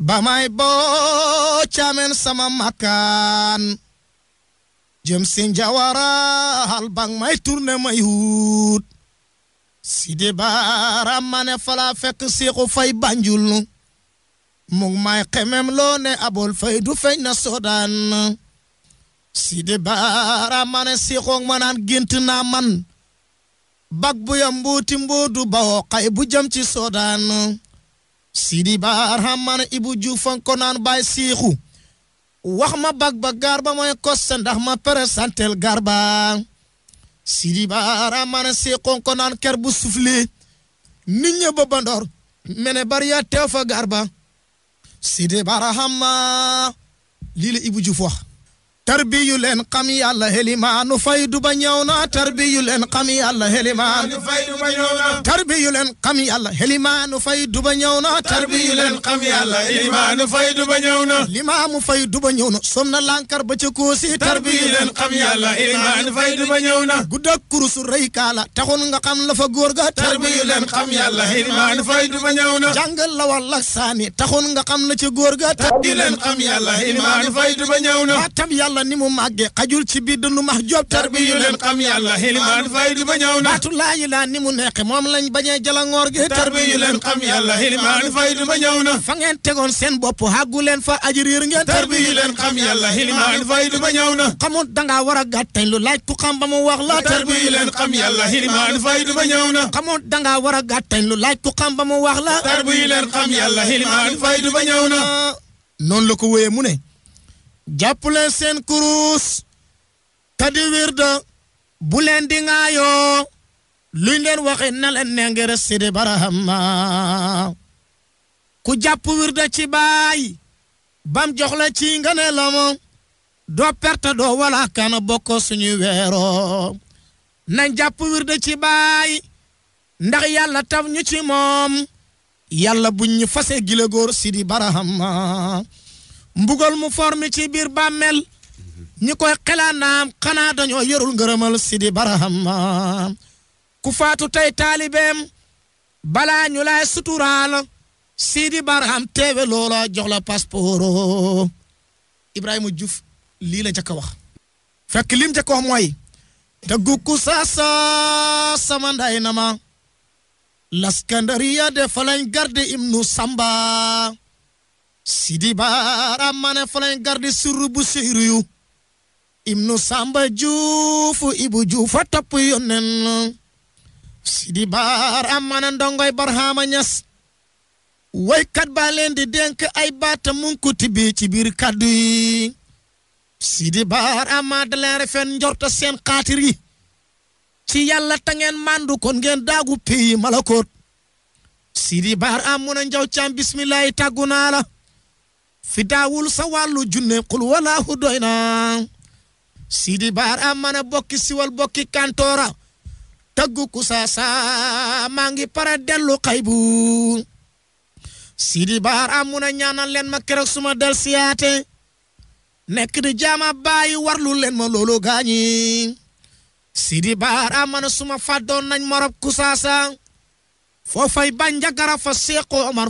ba may boo caamen sama makkaan jëm sin hal bang may turne may huut si di mane fala siixu fay banjul mung may xemem loo ne abol fay du feeñ na soodaan si di mane siixoog manaan gént naa man bag bu ya mbuuti mbuudu bawoo xay bu jëm ci soodaan sidi baaraam man ibu ju fanko baay siixu wax ma bag ba garba mooy kosse ndax ma présentel garba sidi baaraam man siixoon ko naan ker bu sufle nit ba bandoor mene bariya teew fa garba sidi baaraam ma lii la wax tarbiyu leen xam yàlla helimaanu faydu ba ñëw na tarbiyu leen xam yàlla helimaanu faydu ba ñëw na tarbiyu leen xam yàlla helimaanu faydu ba ñëw na tarbiyu leen xam yàlla helimaanu faydu ba ñëw na limaamu faydu ba ñëw na som na lankar ba ca koosi tarbiyu leen xam yàlla helimaanu faydu ba ñëw na gudda kurusu rëy kaala taxoon nga xam la fa góor ga tarbiyu leen xam yàlla helimaanu faydu ba ñëw na jàngal la walla saani taxoon nga xam la ca góor ga tarbiyu leen xam yàlla helimaanu faydu ba ñëw na ni mu màggee xajul ci biir dund max joob tar bi yu leen xam yàlla xilimaan fay di ba ñëw na baatu ni mu neexe moom lañ bañee jalangoor gi tar bi yu leen xam ba ñëw na fa ngeen tegoon seen bopp hàggu leen fa aji riir ngeen tar bi yu leen xam yàlla xilimaan fay ba ñëw na xamut danga war a gàttañ lu laaj ku xam ba mu wax la tar bi yu leen xam yàlla xilimaan fay di ba ñëw na xamut dangaa war gàttañ lu laaj ku xam ba mu wax la tar bi yu leen xam yàlla xilimaan fay ba ñëw na noonu la ko wéyee mu ne jàpp leen seen kurus te di wirda bu leen di ŋaayoo luñ leen waxe na leen ne ngir sidi barahama ku jàpp wirda ci baay bam jox la ci nga ne la moom doo doo wala kana bokk suñu weeroo nañ jàpp wirda ci baay ndax yàlla tam ñu ci moom yàlla buñ ñu fase gile góor sidi barahama mbugal mu formi ci biir bàmmeel ñi koy xelaa naam xanaa dañoo yorul ngërëmal sidi baraham ku faatu tey taalibeem balaa ñu lay suturaal sidi baraham teewe loola jox la passeport juf Diouf lii la njëkk a wax fekk lim njëkk wax mooy te gukku saasa sama na ma laskandariya de fa garde im nu samba sidi bara mane falen gardi surrubu sihriyu ibnu samba Jufu ibu Jufa topp yonen sidi bar mane ndongoy barhama nyas way kat balen di denk ay mun munkuti bi ci bir kaddu sidi bar ma la refen njorta sen khatir yi ci yalla ta ngeen mandu kon ngeen dagu pi sidi bar mu njaw caam bismillahi tagunala fi sawalu sa wàllu junne qul wala doy sidi bar mana bokki siwal bokki kantora taggu ku saasa maa ngi pare dellu sidi bar amuna ñaanal len ma suma del siate nek di jama bayyi warlu len ma lolo gañi sidi bar mana suma faddo nañ morab ku saasa foofay ba fa omar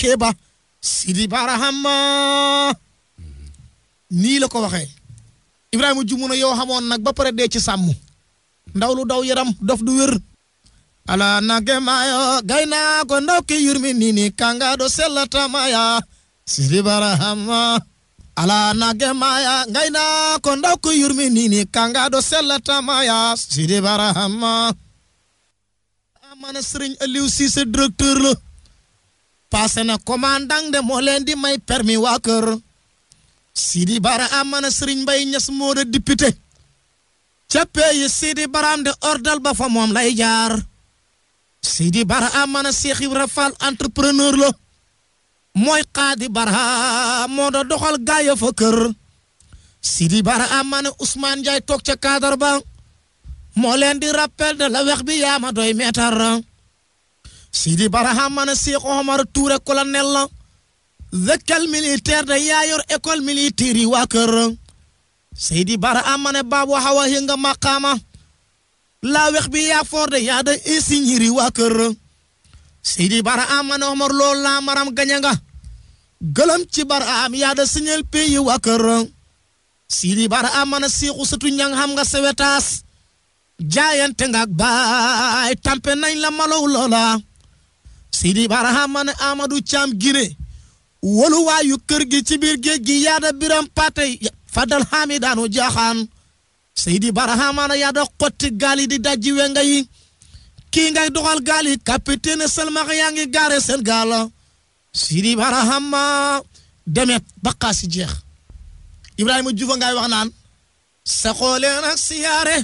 keba Sidi Barahama nii la ko waxee Ibrahima jumu na yow xamoon nag ba pare dee sàmm ndaw lu daw yaram dof du wér ala nage mayo gayna ko ndaw ki yurmi nini kanga do sellata maya Sidi Barahama ala nage maya gayna ko ndaw ki yurmi nini kanga do sellata maya Sidi Barahama amana Serigne Aliou Cissé directeur la paase na commandant de moo leen di may permis waa kër Sidi Bara amana Serigne Mbaye Niass moo de député ca pays Sidi Baraam de ordal ba fa moom lay jaar Sidi Bara amana Cheikh Ibra Fall entrepreneur la mooy xaadi bara moo da doxal gaaya fa kër Sidi Bara amana Ousmane Ndiaye toog ca cadre ba moo leen di rappel de la wex bi yaama doy meetar Sidi Barahama ne Cheikh Omar Touré colonel la dëkkal militaire da yaa yor école yi waa kër Seydi Barahama ne baabu xawa hinga maqaama laa wex bi yaa foor de yaa da ingénieur yi waa kër Seydi Barahama ne Omar loolu laa maram gañe nga gëlëm ci yaa da signal pays yi waa kër Seydi Barahama ne Seexu Satu ñang nga sewetaas jaayante nga baay tampe nañ la malow loola Sidi Barahama ne Amadou Thiam Guinée woluwaayu kër gi ci biir géej gi yaada biram patey fadal hamidaanu jaaxaan Seydi Barahama ne yaada xotti gaal di dajji wenga kii ngay doxal gaal yi capitaine Selmax yaa ngi gaare seen gaal la Seydi Barahama demet baqaasi jeex Ibrahima Juufa ngay wax naan saxoo leen siyaare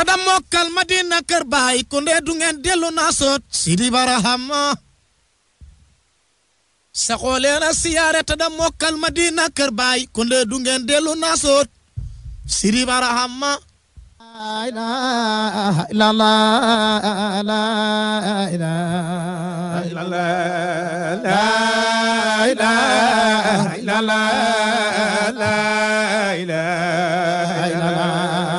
kada mokkal madina kër baay kunde du dellu naa sidi barahama saxoo leen a siyaare tada mokkal madina kër baay kunde du dellu naa sidi barahama la la ilaha illallah la ilaha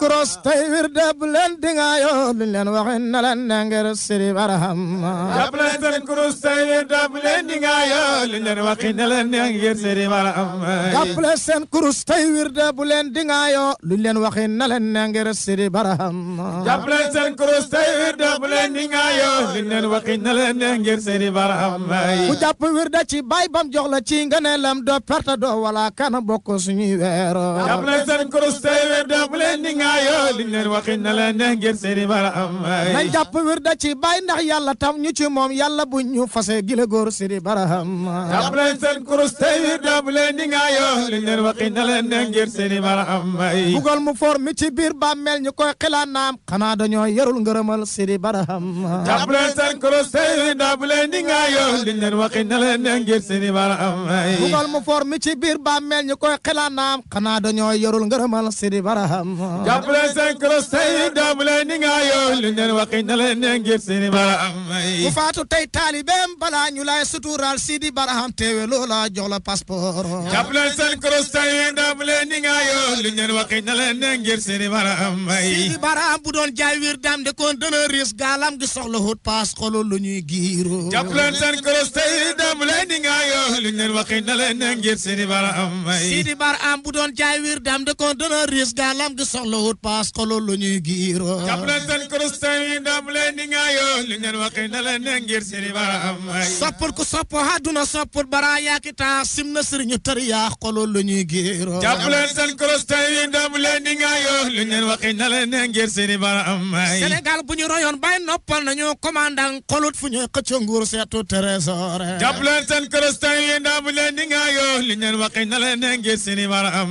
kuros tey wirde bu leen di nga yoo luñ leen waxin na leen ne ngir seen kuros tey wirde bu leen di nga yoo luñ leen waxin na leen ne ngir siri barahama jàpp leen seen kuros tey wirde bu leen di nga yoo na leen ne ngir siri barahama jàpp leen seen kuros tey wirde bu leen di nga ci baay bam jox la ci nga ne lam doo perte doo wala kana bokk suñuy weero yoo liñ leen waxi na la neex ngir seeni baram nañ jàpp wir da ci bàyyi ndax yàlla moom yàlla buñ ñu fase gila góor seeni baram jàpp leen seen kurus tey wir da bu leen di nga yoo liñ leen waxi na la neex ngir seeni baram bugal mu for mi ci biir bàmmeel ñu koy xilaan naam xanaa dañoo yarul ngërëmal seeni baram jàpp da bu leen di nga yoo liñ leen waxi na la neex ngir seeni baram bugal mu for abulay sankro sayid abulay ni nga yow li ngeen waxi na leen ne ngir sini baraam may ku faatu tey taalibeem la passeport abulay sankro sayid abulay ni nga yow li ngeen waxi na leen ne ngir sini baraam may bu doon jaay wir dam de kon dana risque gaalam gi soxla hut wut paas xolu lu ñuy giiroo jàpp leen seen kristen yi dam leen di ngaayoo li ngeen waxi na leen ne ngir seen i baram ay soppul ku sopp àdduna soppul bara yaaki taa sim na sëriñu tëriyaa xolu ñu royoon bay fu ñuy xëcc nguur seetu trésor jàpp leen seen kristen yi dam leen di ngaayoo li ngeen waxi na leen ne ngir seen i baram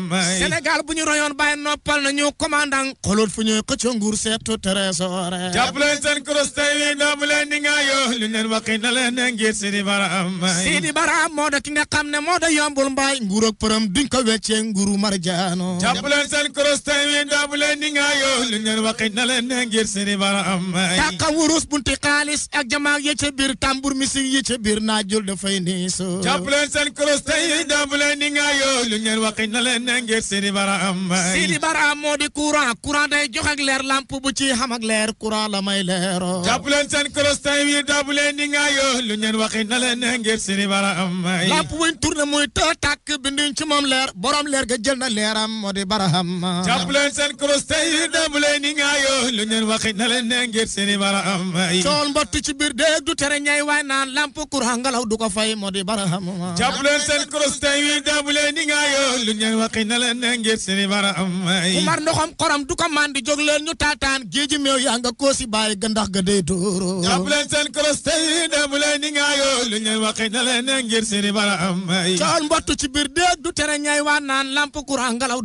ndang xoolul fu ñuy xëccoo nguur seetu trésor. jàpp leen seen kuréel tey wi doomu leen di nga yoo lu leen waxi na leen ngir Sidi Baraam. Sidi Baraam moo da ki nga xam ne moo da yombul mbaay. nguur ak përëm duñ ko weccee nguuru marjaano. jàpp leen seen kuréel tey wi doomu leen di nga yoo lu leen waxi na leen ngir Sidi Baraam. takka wurus bunti xaalis ak jamaa yi ca biir tambour misik yi ca biir naajul dafay niiso. jàpp leen seen kuréel tey wi doomu leen di nga yoo lu leen waxi na leen ngir Sidi Baraam. Sidi Baraam moo di kuura. courant courant day jox ak leer lamp bu ci xam leer courant la may leero jàpp leen seen crostin yi jàpp leen di nga yoo lu ngeen waxi na leen ne ngir sini bara am may lamp buñ tourné ci moom leer na leeram moo nga yoo lu ngeen waxi na leen ne ngir sini bara am may sool mbott ci biir du tere ñay waay naan lamp courant ngalaw du ko fay moo di bara am jàpp leen seen crostin yi jàpp leen di nga yoo lu ngeen waxi na leen ne ngir sini bara am may borom du ko man di jóg leen ñu taataan géeji meew yaa nga koo si ga day tóoro jàpp leen seen kolos tey def leen ni ngaayoo lu ngeen waxee na leen ne ngir seeni baraham may cool mbottu ci biir déeg du tere ñay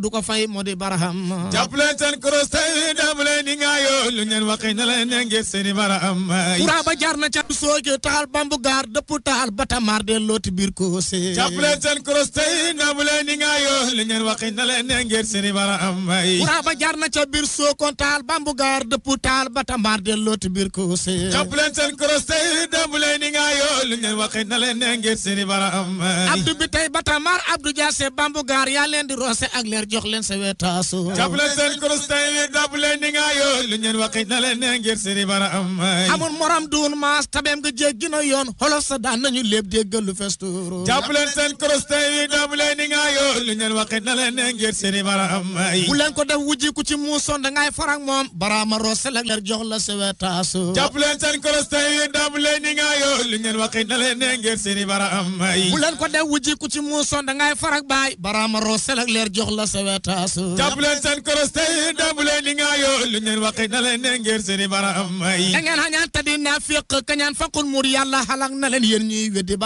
du ko fay moo di baraham jàpp leen seen kolos tey def leen ni ngaayoo lu ngeen waxee na leen ne ngir seeni baraham may courant ba jar na ca sooke taal bambu gaar dëpp taal ba tamaar dee looti biir koose jàpp leen seen kolos tey def leen ni ngaayoo lu ngeen waxee na leen ne ngir seeni baraham may jaar na ca biir Sokone taal bambu gaar taal ba tambaar delloo ci biir Koussi. jàpp tey démb leen ni ngaa yoo lu ngeen waxee na leen ne ngeen seen i baram. Abdou bi tey ba tambaar Abdou Diassé bambu di roose ak leer jox sa weetaasu. jàpp leen seen koros tey démb leen ni ngaa na leen ne ngeen seen i baram. amul morom duun maas tabeem nga jéggi na yoon xolof sa daan nañu lépp déggal lu festuuru. jàpp leen seen koros tey démb leen ni ngaa yoo lu ngeen waxee na leen ne ngeen seen i ko def wujji ci muusoon da ngay farang moom baraama roose lak ler jox la sewetaasu jàpp leen seen kolos tey daamu leen ni nga yoo li ngeen na leen ne ngeen seeni baraam ay bu leen ko def wujji da ngay farag baay baraama roose lak ler jox la sewetaasu jàpp leen seen kolos tey na leen da ngeen xañaan tadi naafiq kañaan faqul mur yàlla xalak na leen yéen ñuy weddi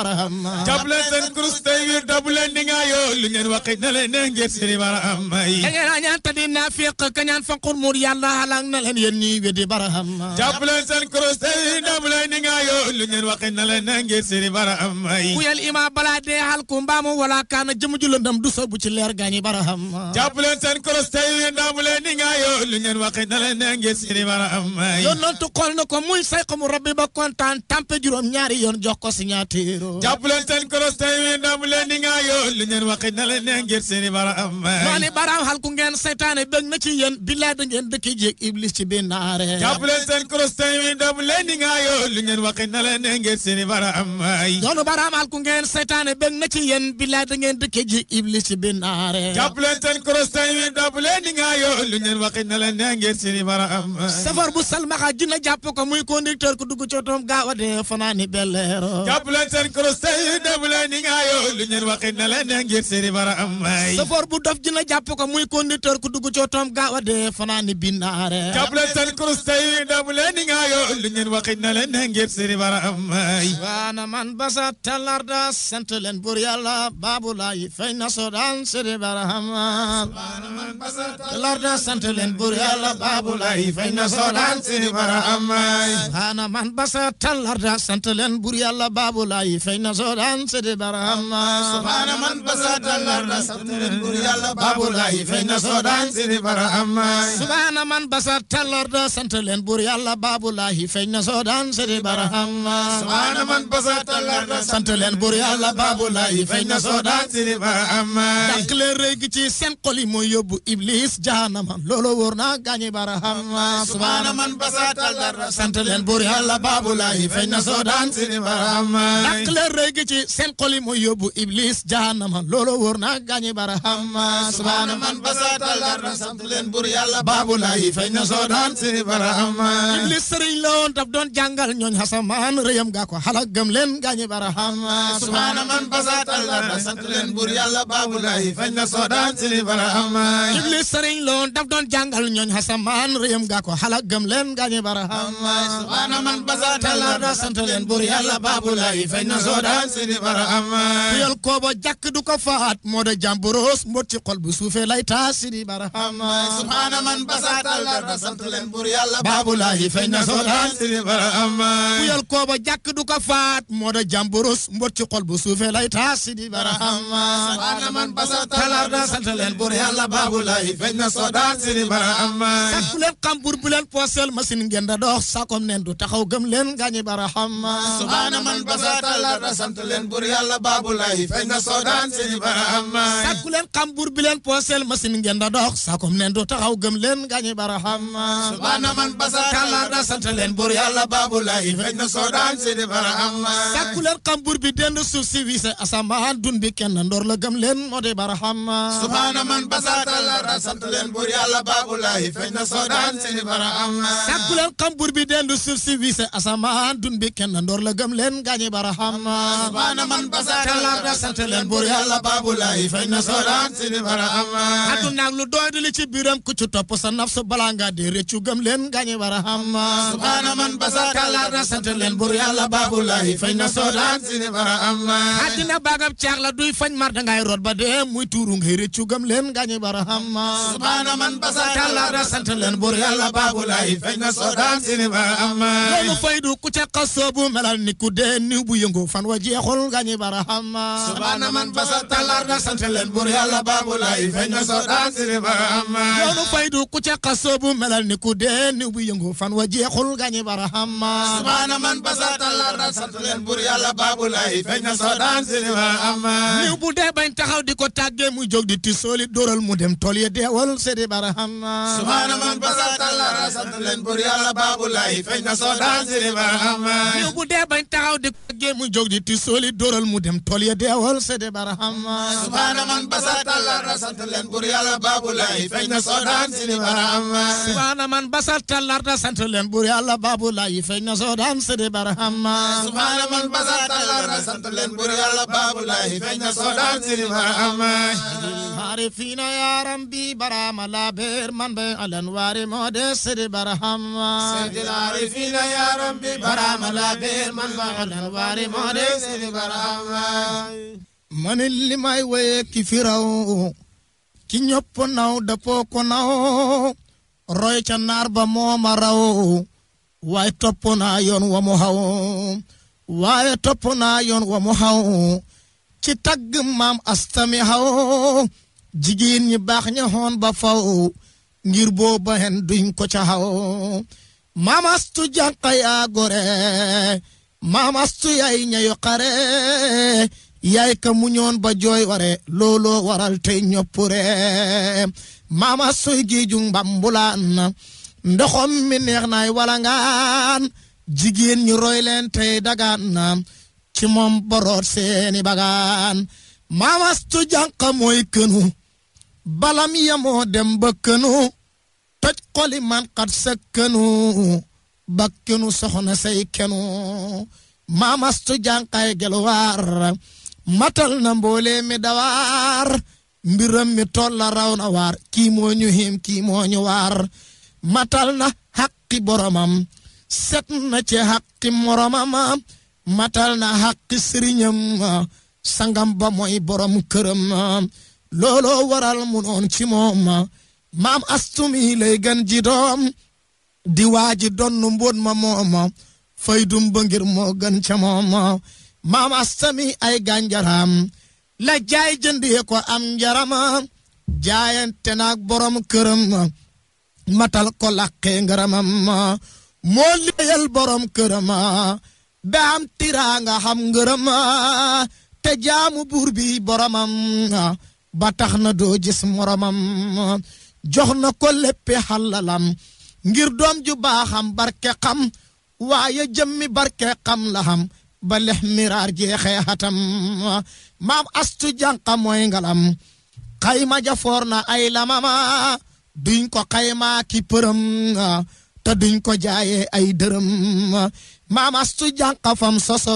kañaan fanqur muur yàlla halak na leen yéen ñi weddi barahama jàpp leen seen kuros tey ndam leen ni nga yoo lu ngeen waxee na leen na ngeen seeni barahama yi ku yel imaam balaa dee hal ku mbaamu wala kaana jëm ju lëndam du soobu ci leer gaañi barahama jàpp leen seen kuros tey ndam leen ni nga yoo lu ngeen waxee na leen na ngeen seeni barahama yi yoon nantu xool na ko muy say ko mu rabbi ba kontaan tampe juróom ñaari yoon jox ko signature jàpp leen seen kuros tey ndam leen ni nga yoo lu ngeen waxee na leen na ngeen seeni barahama yi noonu baraam hal ku ngeen seytaane bëgg na ci ci yéen billaa da ngeen dëkk jéeg iblis ci biir naare. jàpp leen seen crostin yi doomu leen di ngaa yoo lu ngeen waxee na leen ne ngeen seeni baraam ay. yoonu baraam al ku ngeen seytaane bëgg na ci yéen billaa da ngeen dëkk jéeg iblis ci biir naare. jàpp leen seen crostin yi doomu leen di ngaa yoo lu ngeen waxee na leen ne ngeen seeni baraam ay. bu salmaxa dina jàpp ko muy conducteur ku dugg a ne ngeen seeni baraam daawa de fanaani binaare jable tan kurustay dabule na leen ne ngir siri bara man basa talarda sant leen bur yàlla baabu laay fay na sodaan siri bara amal sant leen bur yàlla baabu laay fay na sodaan siri bara amay waana sant leen bur yàlla baabu laay fay na sodaan siri bara amal leen bur yàlla baabu laay fay na sodaan siri amay subhana man basar tallarda sant leen buur yàlla baabulaahi feeñ na soodaan sidi barahama subhana man basar tallarda sant leen buur yàlla baabulaahi feeñ na soodaan sidi barahama dànk leen rëgg ci seen xol yi mooy yóbbu iblis jahannama loolu wóor naa gaañi barahama subhana man basar sant leen buur yàlla baabulaahi feeñ na soodaan sidi barahama dànk leen rëgg ci sen xol yi mooy yóbbu iblis jahannama loolu wóor naa gaañi barahama subhana leen bur yàlla baabu laayi feeñ na soo daan la woon daf doon jàngal ñooñ xasamaan rëyam gaa ko xalak gëm leen gaañi barahama subhaana man basaatal la sant leen bur yàlla baabu laayi feeñ na soo daan si barahama iblis sëriñ la woon daf doon jàngal ñooñ xasamaan rëyam gaa ko xalak gëm leen gaañi barahama subhaana man basaatal la sant leen bur yàlla baabu laayi feeñ na soo daan si faat moo da jàmburoos mbot bu suufee lay taas si barahama subhaana man basaatal darda sant leen bur yàlla baabulaahi feeñ na soodaan siri bara amay ku yal kooba jàkk du ko faat moo da jàmburus mbot ci xol bu suufee lay taas siri bara amay subhaana man basaatal darda sant leen bur yàlla baabulaahi feeñ na soodaan siri bara amay sàkku leen xam bur bu leen poosel machine ngeen da dox sakom neen du taxaw gëm leen gaañi bara amay subhaana man basaatal darda sant leen bur yàlla baabulaahi feeñ na soodaan siri bara amay sàkku leen xam bur bu leen poosel machine ngeen da dox sakom neen du taxaw gëm leen gañi barahama subhana man basal kala da sant leen bur yàlla baabu lay feeñ na soodaan si di barahama sàkku leen xam bur bi dend suuf si wiise asamaan dun bi kenn ndoor la gëm leen moo di barahama subhana man basal kala da sant leen bur yàlla baabu lay feeñ na soodaan si di barahama sàkku leen xam bur bi dend suuf si wiise asamaan dun bi kenn ndoor la gëm leen gañi barahama subhana man basal kala da sant leen bur yàlla baabu lay feeñ na soodaan si di barahama atum naag lu doy di li ci biir dem ku ci topp sa nafsu balaa ngaa dee rëccu gëm leen nga ñu war a xam. subhaana man basa kàllaat na sant leen bur yàlla baabu laahi fañ na soodaat si ne war a am. àddina baagam caax la duy fañ mar da ngay root ba dee muy tuuru ngay rëccu gëm leen nga ñu war a xam. subhaana man basa kàllaat na sant leen bur yàlla baabu laahi fañ na soodaat si ne war a am. loolu faydu ku ca xasoo bu melal ni ku dee niw bu yëngu fan wa jeexul nga ñu war a xam. subhaana man basa kàllaat na sant leen bur yàlla baabu laahi fañ na soodaat si ne war a am. yoonu faydu ku ca xasabu melal ni ku dee ni bu yëngu fan wa jeexul gañi barahama subhaana la sant leen bur yàlla baabu lay feñ na soo daan niw bu dee bañ taxaw di ko tàggee muy jóg di ti sooli dóoral mu dem tool ya deewal sedi barahama subhaana man basatal la sant leen bur yàlla baabu lay feñ na soo daan silima ama niw bu dee bañ taxaw di ko tàggee muy jóg di ti sooli dóoral mu dem tool ya deewal sedi barahama subhaana man basatal la sant leen bur yàlla feñ na sodan sidi bara amma subhana man basal tallarda santo len buri allah babu layi fegna sodan sidi bara amma subhana man basal tallarda santo len buri allah babu layi fegna sodan sidi bara amma harifina ya rabbi bara mala ber man be alan wari mode sidi bara amma sidi harifina ya rabbi bara mala ber man be alan wari mode sidi bara amma man illi mai waye kifirau ki ñëpp naw dëppoo ko naw roy ca naar ba mooma raw waaye topp naa yoon wa mu xaw waaye topp naa yoon wa mu xaw ci tagg maam astami xaw jigéen ñi baax ña xoon ba faw ngir booba hen duñ ko ca xaw maam astu jànqa gore maam astu yaay ñayu xare yaay ka mu muñoon ba jooy ware looloo waral tey ñoppure maama soy géeju mbambulaan ndoxom mi neex naay walangaan jigéen ñu roy leen tey dagaan na ci moom boroot seeni bagaan maama stu jànqa mooy kënu balam yemoo dem ba kënu toj xoli manqat sa kënu ba kënu soxna say kënu maama stu matal na mboolee mi dawaar mbiram tolla raw na waar kii him kii waar matal na xaqi boromam set na ci moromam matal na xaqi sëriñam sangam ba mooy borom këram looloo waral mu noon ci moom maam astumi lay gan ji doom di donnu mbóot ma moom faydum ba ngir moo mama sami ay ganjaram la jay jëndee ko am jarama jayante nak borom kërëm matal ko làqee ngaramam mo leyal borom kërëm ba am tiraa nga xam ngërëm te jaamu bur bi boromam ba tax na doo gis moromam jox na ko léppi halalam ngir doom ju baaxam barke xam waaye jëmmi barke xam la xam ba lex miraar jeexee xatam maam astu jànqa mooy ngalam xayma jafoor na ay lamama duñ ko xaymaa ki përëm te duñ ko jaayee ay dërëm maam astu jànqa fam soso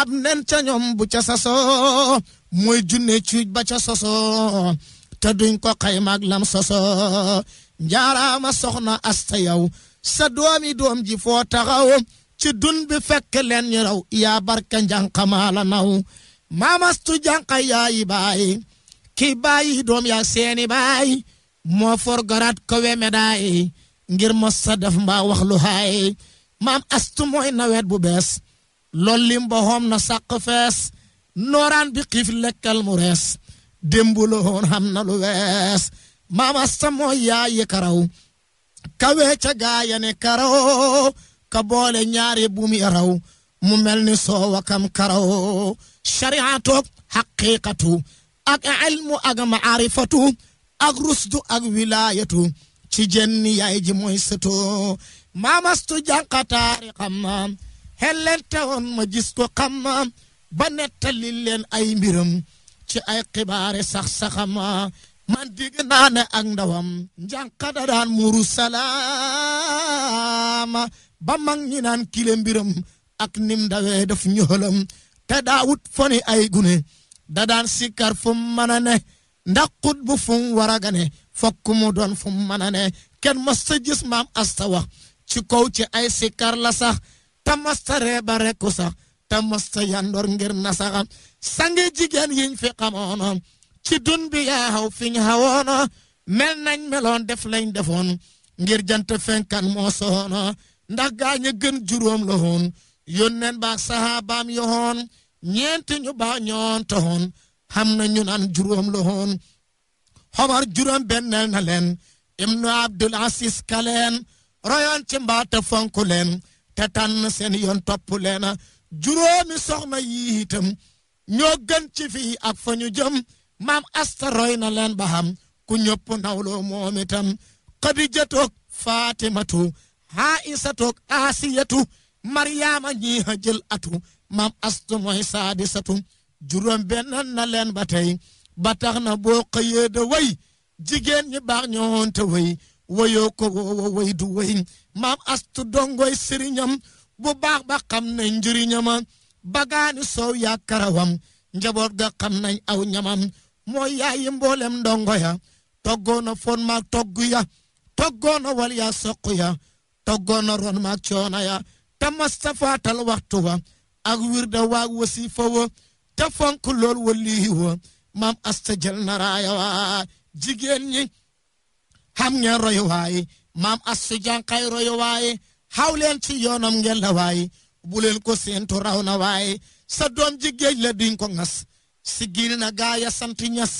ab nen ca ñoom soso mooy junne cuuj ba ca soso te duñ ko xaymaak lam soso njaaraama soxna asta yow sa doomi doom ji foo ci dun bi fekk leen ñu raw yaa barka njànqa maa la naw maamastu jànqa yaayi baay ki baayi doom yaa seeni baay moo for garaat ko we medaay ngir mos sa def mbaa lu haay maam astu mooy nawet bu bees lool lim ba xoom na sàq fees nooraan bi xiif lekkal mu rees démb la woon na lu wees maam asta mooy yaayi karaw kawe ca gaayane karaw ka boole ñaari buum ya mu mel ni soowa kam karaw shariatoog xaqiiqatu ak ilmu ak maarifatu ak rusdu ak wilaayatu ci jenn yaay ji mooy sëtoo maamastu jànqataari xammaam xellente woon ma gis ko ba nettali leen ay mbiram ci ay xibaare sax-saxama man digg naa ak ndawam njànqata daan muru salaama ba mag ñi naan kile mbiram ak nim dawee def ñoolam te daawut foni ay gune da daan sikkar fu mu mën a ne ndax xut bu fu mu war a gane fokk mu doon fu mu mën a ne kenn masta gis maam asta wax ci kaw ci ay sikkar la sax te masta reeba rekku sax te masta yandoor ngir nasaxam sange jigéen yiñ fi xamoono ci dun bi yaa xaw fiñ xawoono mel nañ meloon def lañ defoon ngir jant fenkan moo soono ndax gaa gën juróom la woon yónneen baak saxaabaam ya ñeenti ñu baa ñoon te woon na ñu naan juróom la woon xomar juróom benneel na leen ibnu abdul asis ka leen royoon ci mbaata fonku leen te tànn seen yoon topp leena juróomi soxna yii itam ñoo gën ci fii ak fa jëm maam asta roy na ba xam ku ñëpp nawloo moom itam xadijatoog faatimatu haisatu asiyatu maryaama ñi ha jël atu mam astu mooy saadisatu juróom benn na leen ba tey ba na boo xëyee da way jigéen ñi baax ñoon te way wayoo ko woo way mam astu dongoy sëriñam bu baax ba xam ne njëriñama bagaani soow yaa njaboot ga xam nañ aw ñamam mooy yaayi mboolem ndongo ya toggoona fon maag togg ya toggoona wal yaa soq ya toggoon na ron maag coono ya te mastafaatal waxtu wa ak wirda waag wasiifa wa te fonk lool walihi wa maam asta jël na raaya wa jigéen ñi xam ngeen royu waaye maam asta jànqay royu waaye xaw leen ci yoonam ngeen la waaye bu leen ko séentu raw na waaye sa doom ji géej la duñ ko ŋas si giil na gaaya sant ñas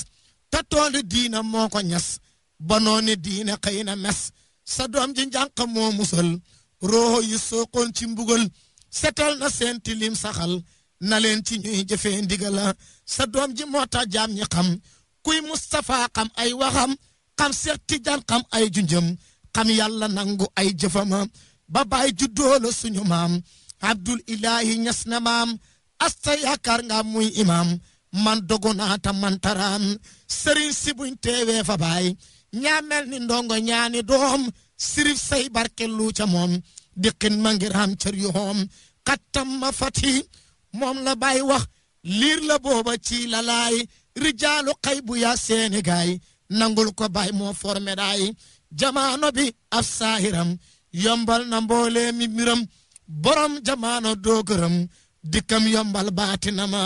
te tooli diina moo ko ñas ba nooni diina xëy na mes sa doom ji njànq moo musal rooho ci mbugal setal na seen tilim saxal na leen ci ñuy jëfee ndigala sa doom ji moo tax jaam ñi xam kuy Moustapha xam ay waxam xam Seex Tijaan xam ay junjëm xam yàlla nangu ay jëfama ba baay juddoo la suñu maam Abdul Ilaahi ñas na maam asta yaakaar nga muy imaam man dogu naa ta man taraam sëriñ si buñ baay ñaamel ni ndongo ñaani doom sirif say barke luuca moom diqin ma ngir am cër yu xoom xattam ma fati moom la bàyyi wax liir la booba ci lalaay rijaalu xay bu yaa seeni gaay nangul ko bay moo formé daay jamaano bi ab saahiram yombal na mboolee mi miram borom jamaano doogëram dikkam yombal baatinama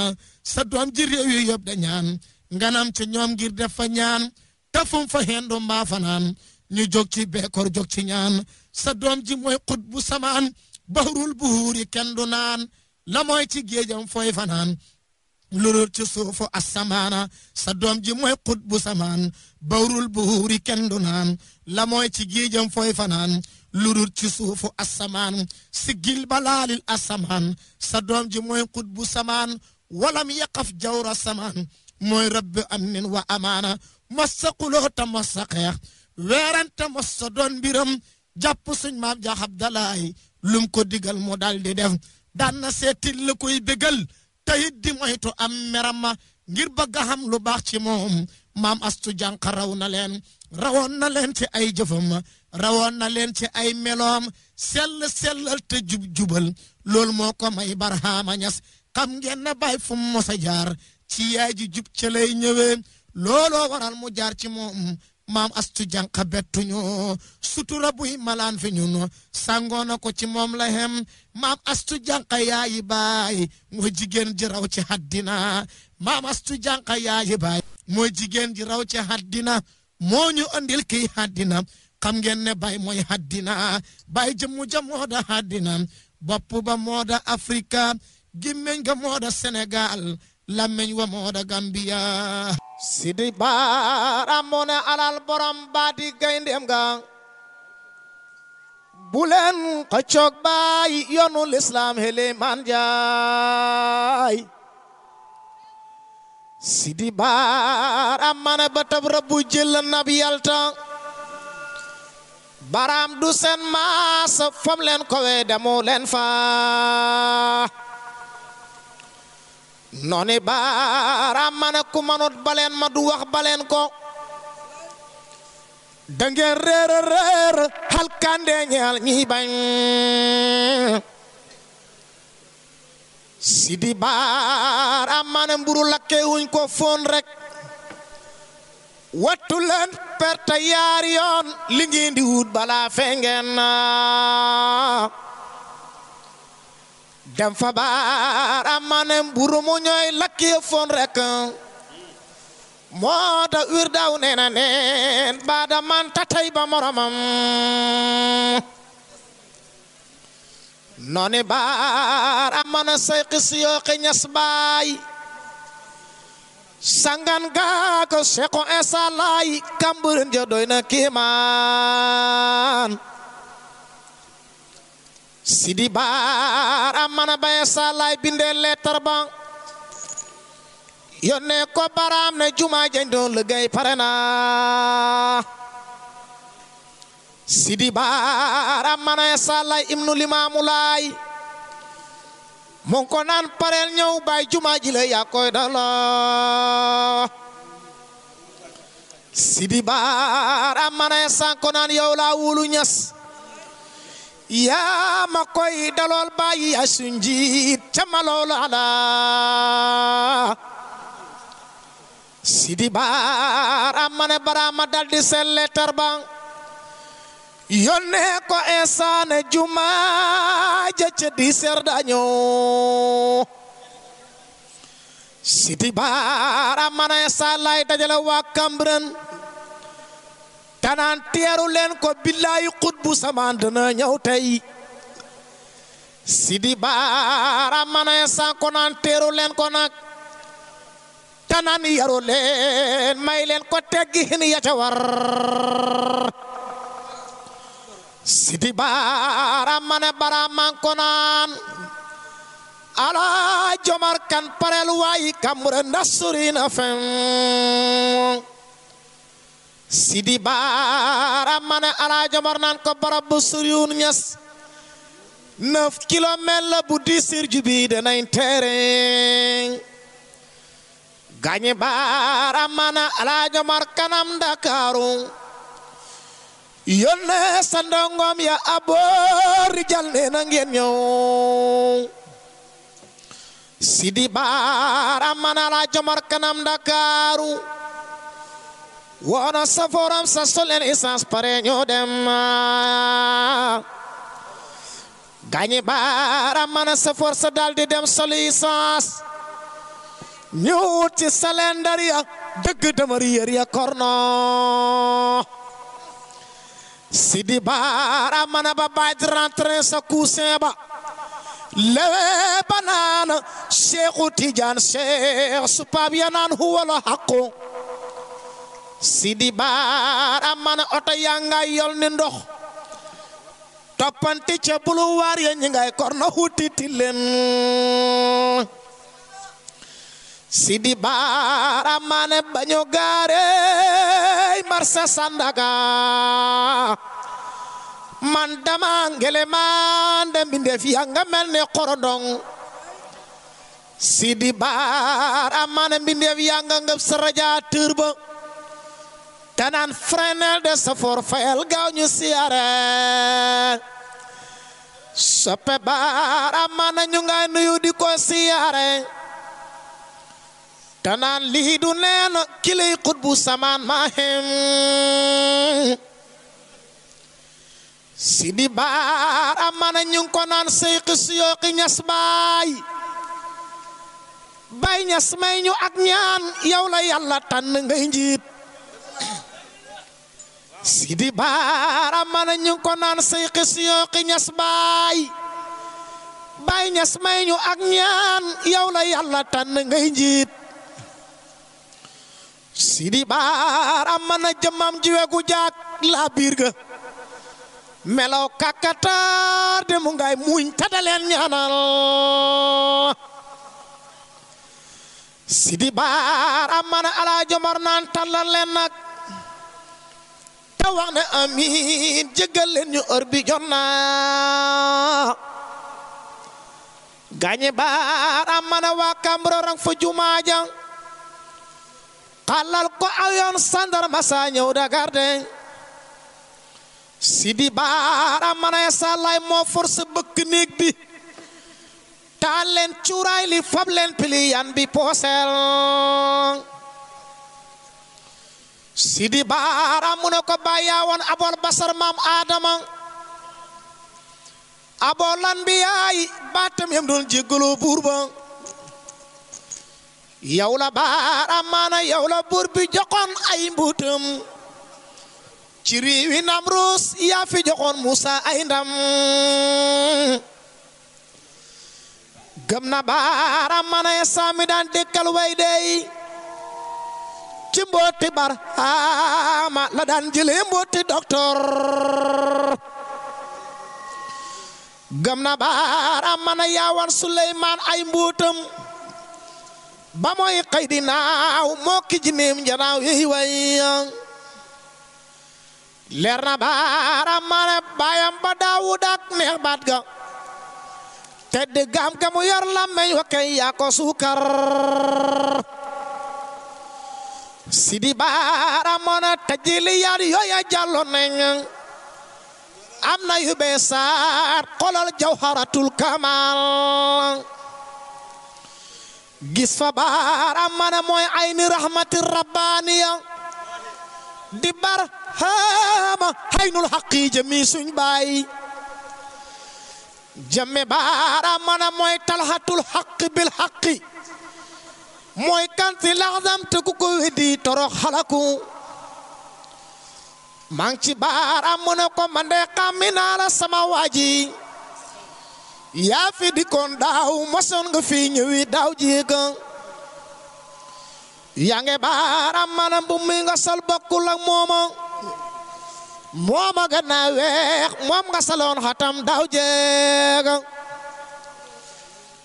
sa doom ji réew da ñaan nganam ci ñoom ngir def fa ñaan tafum fa hendo ma fanan ni jog ci bekor jog ci ñaan sa dom ji moy qutbu samaan bahrul buhuri kendo nan la moy ci géejam foy fanan lurul ci suufu asmana sa dom ji moy qutbu samaan bahrul buhuri kendo nan la moy ci géejam foy fanan lurul ci suufu asamaan siggil balaalil asman sa dom ji moy qutbu saman walam yaqaf jawra samaan mooy rabbi amnin wa mas sa xuloo ta mas sa xeex weerante sa doon mbiram jàpp suñ maam ja Abdalaay lum ko digal mu dal di def daan na seetil la koy bégal tayit di moytu am meram ma ngir bëgg a lu baax ci moom maam astu jànq raw na leen rawoon na leen ci ay jëfam rawoon na leen ci ay melom sell sellal te jub jubal loolu moo ko may barhaama ñas xam ngeen na bàyyi fu mu jaar ci yaay jub ca lay ñëwee looloo waral mu jaar ci moom maam astu jànqa bettuñu sutura buy malaan fi ñun sàngoo na ko ci moom la hem maam astu jànqa yaayi baay mooy jigéen ji raw ci haddina maam astu jànqa yaayi mooy jigéen ji raw ci haddina moo ñu andil kii haddina xam ngeen ne baay mooy haddina baay jëmmu ja mooda haddina bopp ba mooda Afrika gimmeñ ga mooda Sénégal làmmeñ wa mooda Gambia sidi baara moo ne alal borom baati gayndeem ga buleen xëccoog baay yoonu lislaam Eliman Njaay sidi baara mane ba tab rabbu jël nab yalta baram du seen maas fam leen kowe demu leen faa nooni baaraam ma ne ku manut baleen ma du wax baleen ko dangeen réera réer halkande ñeel ñi bañ sidi baaraam ma ne mburu lakke wuñ ko foon rekk wattu leen perte yaari yoon li wut balaa fengeen na dem fa baar amane mburu mu ñooy lakki foon moo da wir daw neena neen baada man tatay ba moromam nooni baar amane sayqi siyooqi ñas baay sangan gaako seko esa kamburin ja doy na kiimaan sidi baar a mana baye saalaay bindee leetar ba yónnee ko baraam ne jumaa jañ doon pare na sidi baar a mana ye saalaay ibnu limaamu laay mu ko naan pareel ñëw baay jumaa ji yaa koy daloo sidi baar a mana ye sanko naan yow laa wulu ñas yaa ma koy dalool bàyyi yaa suñ jiit ca malool alaa baar amma ne baraama daldi selle tarban yónnee ko esaane jumaa ja ca di ser dañoo sidi baar amma ne esaa lay dajale waa tanaan teeru leen ko billaayu xutbu samaan dana ñëw tey sidi baara manee sanko naan teeru leen ko nag tanaan yaru leen may leen ko teggi hin ya ca war sidi baara mane bara manko naan alaa jomar kan pareel waayi kamre ndasuriina fen sidi bar mane alaajo mor naan ko barab bu suriyun ñas neuf kilomètres la bu di sirju bi nay tere gañi baara mane alaajo mar kanam dakaru, yónne sandongom ya abor jal na ngeen ñew sidi baara mane alaajo kanam dakaru. woona saforam sa sol en essence pare ñu dem ah. gañi baara mana safor sa daldi dem sol essence ñu wut ci salendar ya korno sidi baara mana ba baaj rentré sa coussin ba lewe ba naan Cheikhu Tidiane Cheikh ya naan huwal haqqu sidi bar amana auto yaa ngay yol ni ndox toppante bulu boulevard ya ñi ngay korno sidi bar amane bañu gaare marsa sandaga man dama ngele man da mbindeef ya nga sidi bar amane mbindeef ya nga ngëb Danan frenel de sa for fayal gaaw ñu siyaare soppe baaraama na ñu ngay nuyu di ko siare danan naan lii du neen kilay xutbu samaan bar sidi baaraama na ñu ko naan sey xisiyooki ñas baay bay ñas may ñu ak ñaan yow la yàlla tànn ngay sidi baara mana ñu ko naan say xis ñas baay baay ñas may ñu ak ñaan yow la yàlla tànn ngay njiit sidi baara mana jëmam ji wegu jaak laa biir ga melaw kakataar de mu ngay muñ tadaleen ñaanal sidi baara mana alaa jomor naan tallal leen nag te wax ne amiin jéggal ñu or bi jonna gañe baaraam ma wa waa rang fu juma jang xalal ko ayon sandar masa saa ñëw Dakar de Sidi baaraam ma ne ya sàllaay mo force bëkk neeg bi talen leen li fablen pilihan yan bi posel sidi baara mu ne ko bàyyaa woon abol basar maam aadama abolan bi yaay baatam yam doon jéggaloo buur ba yow la baara maana yow buur bi joxoon ay mbuutam ci réewi Namruus yaa fi joxoon Muusa ay ndam gëm na baara maana saami daan way dey ci mbooti bar ama la daan jëlee mbooti docteur gëm na baar am man a yaawan Suleymaan ay mbootam ba mooy xëy di naaw moo ki jineem njanaaw yey wayyang leer na baar am man a ba daawud neex baat ga te di gaam ga mu yor la yaa ko suukar Sidi Baara mona tajiliyaat yooya jàllo nañ am na yu beesaat xolal jawharatul kamal gis fa baara mana ayni rahmati rabbaniya di barhama haynul haqi jami suñ jamme baara mana mooy talhatul haqi bil haqi mooy kan si laxsam te ku ko weddi torox xalaku maa ngi ci baaraam mu ne ko man de xàmmi naa sama waaji yaa fi dikkoon daaw mosoon nga fi ñëwi daaw jéega yaa ngi baaraam bu mi nga sol bokkul ak mooma mooma gën a weex moom nga saloon xatam daaw jéega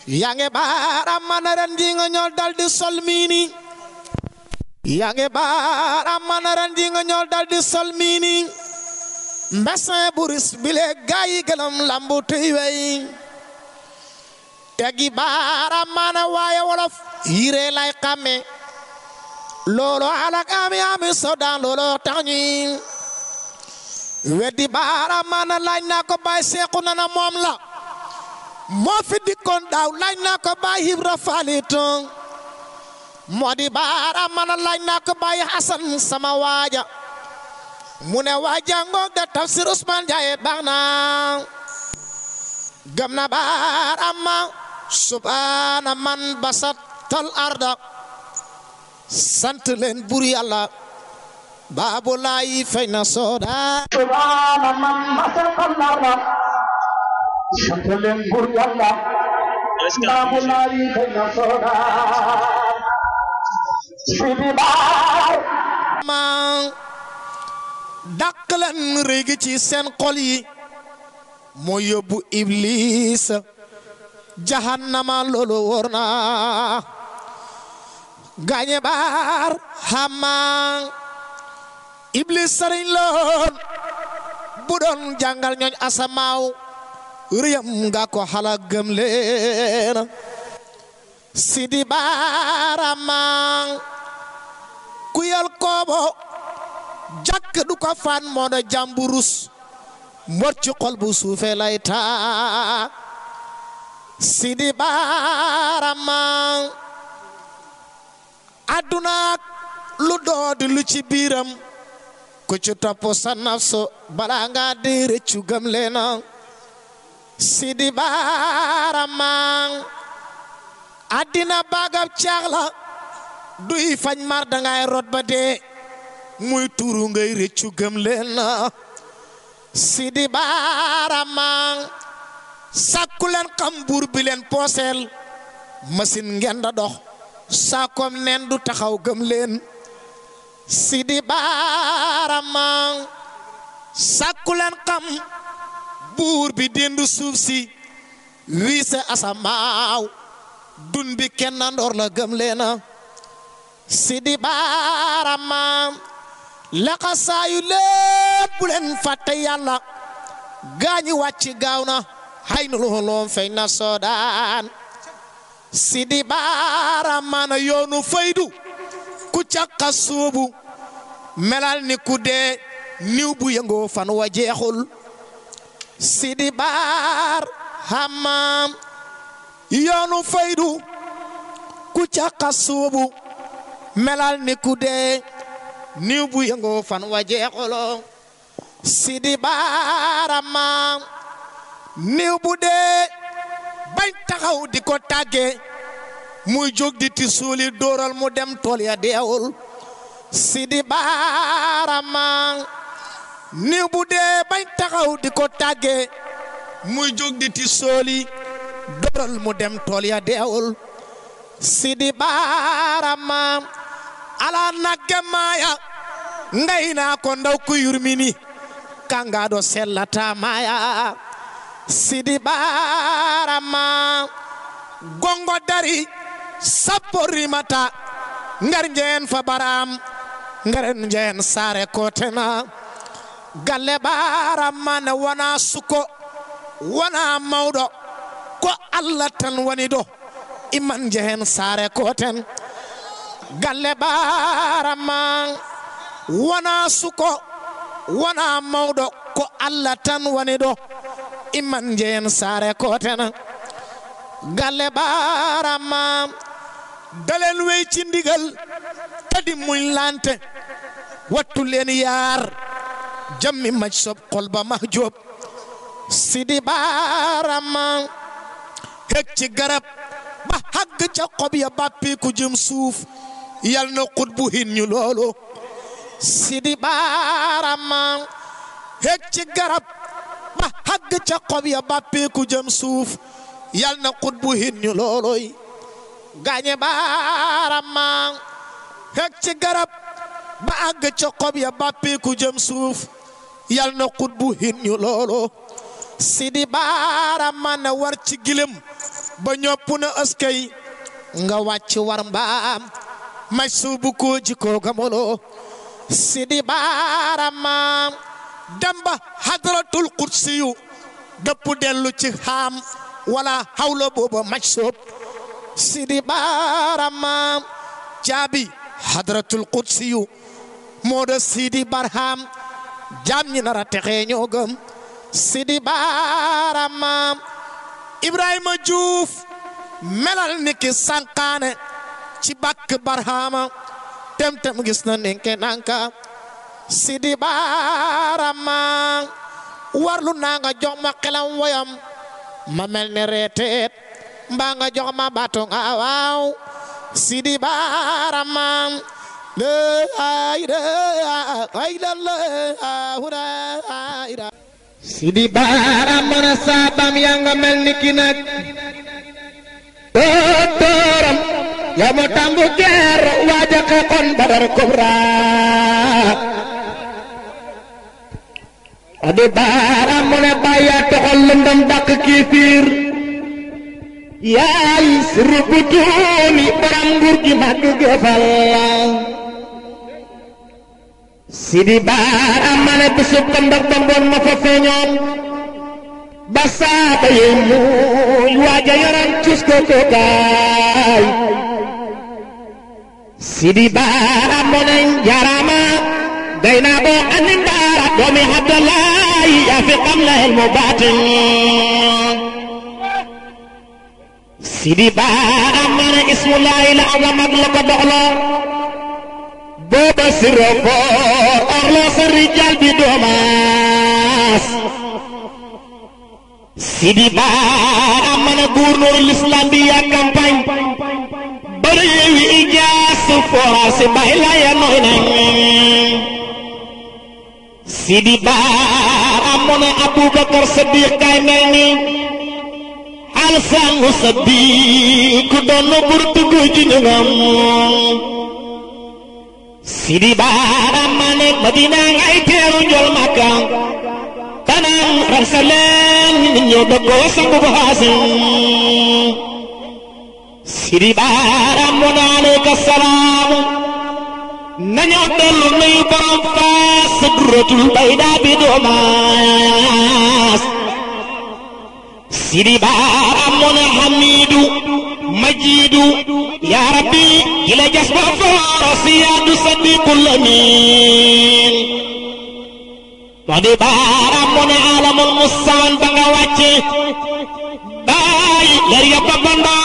yaa ngi baaraam man ren ji nga ñoo dal di sol mii nii yaa man ren ji nga dal di sol mii nii buris bile gaa yi lambu tuy wey tegi man waaye wolof yiree lay xàmme loolo alak ami ami sodan loolo tax weddi baaraam man laaj naa ko bay seeku na moom la moo fi dikkoon daaw laaj naa ko baay Ibra Faaliton moo di baara mana laaj naa baay Asan sama waaja mu ne waaja ngoog de tafsir Ousmane Ndiaye baax na gëm na baara ma subhaana man basat tal arda sant leen bur yàlla baabu laay fay na sooda sant leen buur ma dàq leen ci seen xol yi moo yóbbu iblis jahannama loolu wóor na gaañe baar xama iblis sëriñ loon bu doon jàngal ñooñ asamaaw riyam nga ko xala gëm leena sidi baaramaang kuyal koobo jàkk du ko fan moodo jamburus mbot ci xol bu suufe lay taa sidi baaramaang addunaak lu doodi lu ci biiram ku ci topp sa nafsu bala nga di rëccu gëm leena sidi baara maang addina baagab caax la duy fañ mar dangay rot ba dee muy tuuru ngay rëccu gëm na sidi baara maang sàkku leen xam buur bi leen pooseel machine ngeen da dox saakoom neen du taxaw gëm leen sidi baara maang sàkku leen buur bi déndu suuf si wii sa asamaaw dun bi kenn ndoor la gëm si di baaramaam laxasaayu lépp bu leen fàtte yàlla gaañi wàcc gaaw na hay nu loxoloom feeñ na soodaan si di baaramaana yoonu faydu ku càqa suubu melal ni ku dee niw bu yëngoo fan wa jeexul sidi baar hammaam yoonu faydu ku càqa suubu melal ni ku dee niw bu yëngoo fan wa jeexoloo sidi baar hammaam niw bu dee bañ taxaw di ko tàggee muy jóg di ti suuli dóoral mu dem tool ya deewul sidi baar hammaam niwbude bañ taxaw di ko tàgge muy jóg di ti sooli doral mu dem tool ya deewul sidi baarama ala nagge maaya ngay naa ko ndaw ku yurmini kangaado sellata maaya sidi baarama gongo dari sappo rimata ngar njeen fa baraam ngaren njeen saare kootena galle ɓara mane wona sukko wona mawɗo ko allah tan woni ɗo iman jehen saare koten galle ɓara ma wona sukko wona mawɗo ko allah tan woni ɗo iman jehen saare koten galle ɓara ma dalen weycindigal tadi muñ lante wattu len yar jammi maj sob xol ba ma jóob sidi baarama heg ci garab ba hagg ca xob ya bàppi jëm suuf yal na xut bu hin ñu loolu sidi baarama heg ci garab ba hagg ca xob ya bàppi jëm suuf yal na xut bu hin ñu looloy gaañe baarama heg ci garab ba àgg ca xob ya bàppi jëm suuf yal na xut bu hin ñu looloo sidi baara man na war ci gilem ba ñopp na askay nga wàcc war mbaam may suubu ko jikoo gamoloo sidi baara maam demba hadratul qudsiyu dëpp dellu ci xaam wala hawla booba maj soob sidi baara jaabi hadratul qudsiyu moo da sidi barham jaam ñi nara texee ñoo gëm Sidi Baara maam Ibrahima Diouf melal ni ki sànqaane ci bàkk barhama temtem gis na ninke nanka Sidi Baara maam warlu naa nga jox ma xelam woyam ma mel ne reeteet mbaa nga jox ma bato nga waaw Sidi Baara maam Sidi Baara mën a saabam yaa nga ni ki nag tóotóoram yaa mu tàmbu geer waaja xeexoon Badar Kubra Sidi Baara mu ne bàyya toxal lëndëm dàq kii yaay sirru butuuni borom nguur gi màgg sidi baar am na bisub ko ndox ba ngoon ma fa feeñoon ba saaba yi muuñ waaja yaram cus ko ko gaay sidi baar am na jarama day naa boo anin baara doomi Abdullahi yaa fi xam la ilmu baatin sidi baar am na ismullahi la azam ak la ko doxloo booba siroko arlas rijal bi doomaas sidi ba am na gouverneur l'islam bi ya campagne bari yewi ijaas foras bay la ya sidi ba am na abubakar siddiq kay mel ni alsan musaddiq doon burtu ju ñu sidi baaraam ma nekk madina ngay teeru njool makka rangsaleen nit ñi dëggoo sangu bu xaasin sidi baaraam wa na aleyka salaamu nañoo dellu nuyu borom faas sadratul bayda bi doomaas sidi baaraam wa na hamiidu majidu ya rabbi ila jasma fa يا sadiqul الأمين Tadi baramu alamul musawan pengawaci Baik dari apa banda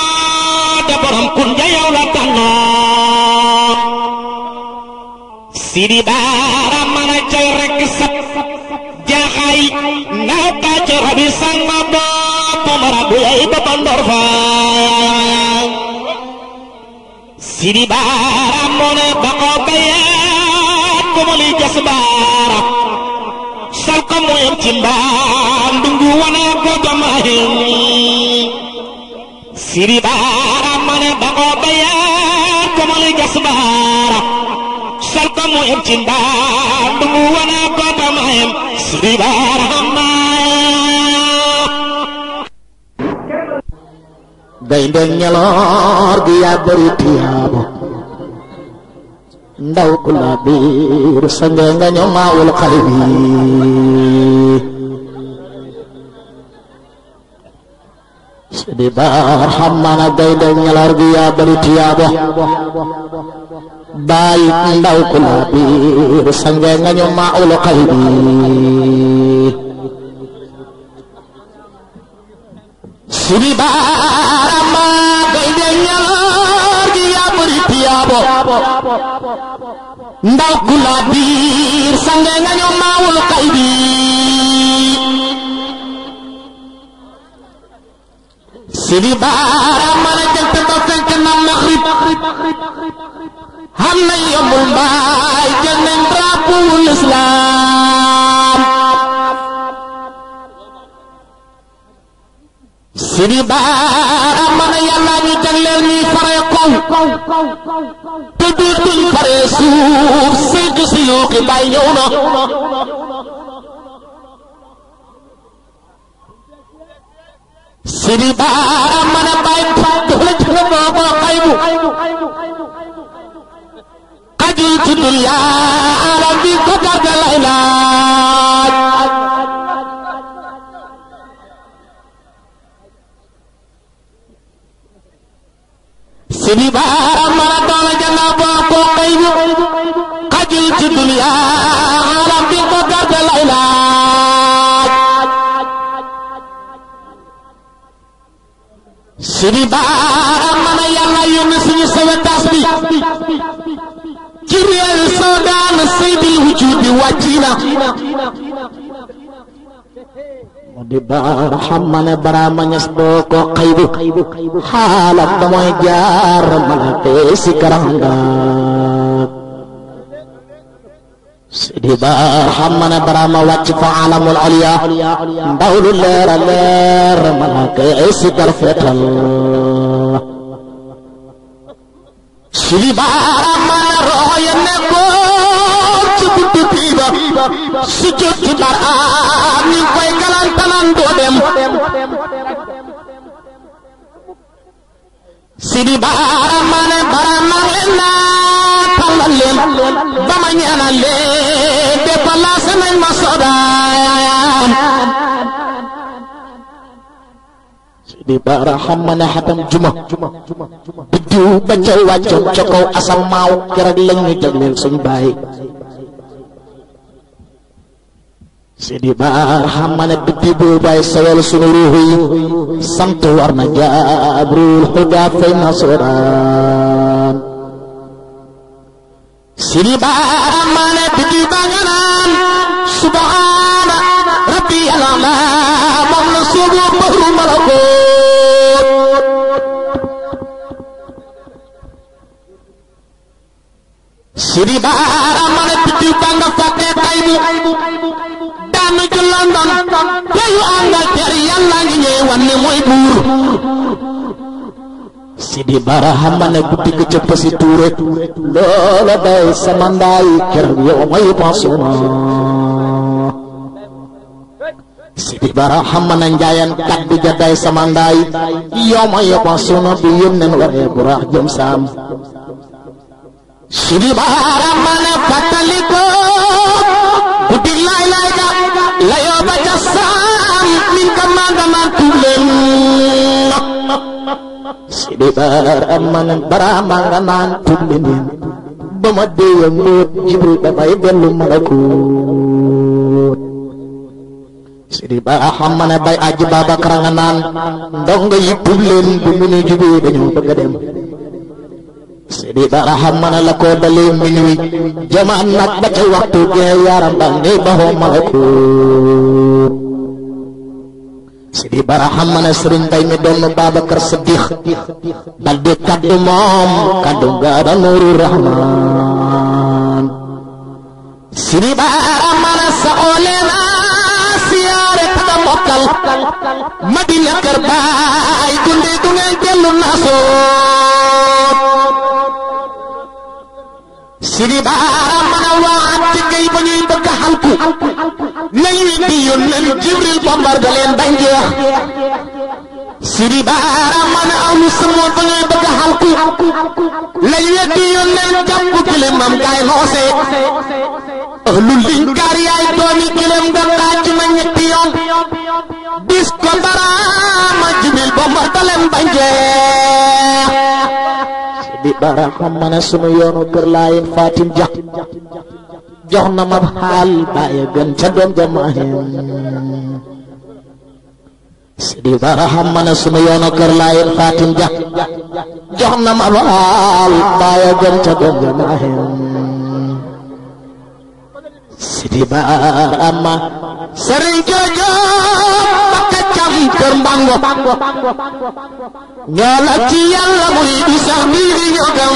Dapat hamkun jaya ulat tanah Sidi bara mana cair kesep Jahai Naka cerabisang mabok Pemarabu ya ibu pandorfai sidi baaraam moo ne baqoo bayaat ko mu li jas baara sal ko mu yem ci mbaam dungu wana ko jamaahim sidi baaraam moo ne ko mu li jas baara sal ko mu yem ci mbaam dungu wana ko jamaahim sidi baaraam gaynde ñeloor gi yaa bari tiyaabo ndaw ku la biir sange nga ñu maawul xale bi sidi baar xam mana gaynde ñeloor gi suni baarama gaynde ñaloor gi yaa bëri tiyaabo ndaw ku la biir sange nga ñu maawul kay bi suni baarama na jant ba fenk na maxrib xam na yombul mbaay jënd drapeau l'islam suñu baara man yàlla ñu jagleel ñuy faree kaw te dootuñ faree suuf sëgg si yuuxi bàyyi ñëw na suñu baara man a bàyyi doxla jëla moo moo xaybu xajul ci duniyaa alam bi ko garga lay laa suñu baaraam mara doon jannaa boo ko xëy bi xajul ci dunya alam bi ko gàdde lay laaj suñu baaraam mën a yàlla yónni suñu sawe tas bi ci réew Sodaan Seydil Wujud bi wàcc na di baraxam ma ne baraama ñas boo ko xaybu xaalam ba mooy jaar malaaka si karam ga di baraxam ma ne baraama wàcc fa alamul oliya ndaw lu leer a leer malaaka si kar fetal si di sujud kita baraam ñu kalan galan tanaan dem sidi baraam mane baraam na leen naa tallal leen ba ma ñaanal leen déplacé di bara xam ne xatam juma biddiw ba ca wàccoon asam mau kira keroog lañ ñu sidi baar xamane bitibu bay sawel sunu ruhi warna jabrul huda fay nasran sidi baar xamane bitibu banganan subhana rabbi alama mom la subu bahru malakut sidi baar xamane bitibu banga fatte taymu àndal ka yu àndal te yàlla ngi ñëw wan ne mooy buur sidi barahama ne guddi ga ca pasi tuure loola day sama ndaay kër yow may pasuma sidi barahama ne njaayan kaddu ja day sama ndaay iya, yow may pasuma bi yónnen waree bu rax jëm saam sidi barahama ne fàttaliko sidi baraman baraman raman tullinin ba ma dee ak moot jibril damay dellu malakuut sidi bara xam ma ne bay aji Babakar nga naan ndongo yi tuub leen bu mu ñu jubee dañoo bëgg a dem sidi bara xam ma ne la koo dalee minuit jamaan nag ba ca waxtu gee yaram ba ne ba hoo malakuut sidi baraxa ma ne sëriñ mbay mi doon Babacar Siddiq dal di kaddu moom kaddu gaada nuuru rahmaan sidi baraxa ma ne saxoo leen siyaare tada mokkal madina kër baay gundi du ngeen dellu naasoo sini baara mana waat ci ngay ba ñuy bëgg xalku nañuy di yoon leen jibril bombardé leen bañ jeex sini mana amu samoon ba ñuy bëgg xalku lañuy di yoon leen jàpp kilimam gaay noose ahlul inkaar yaay doomi ñetti yoon bis ba dara xam ma ne sunu yoonu kër laayin fatim jax jox na ma xaal bàyyi gën ca doom jamaahim sidi dara xam ma ne sunu yoonu kër laayin fatim jax jox na ma xaal bàyyi gën ca doom jamaahim sidi baar amma sëriñ joojo kër mbango ñoo la ci yàlla muy di sax biir ñu gëm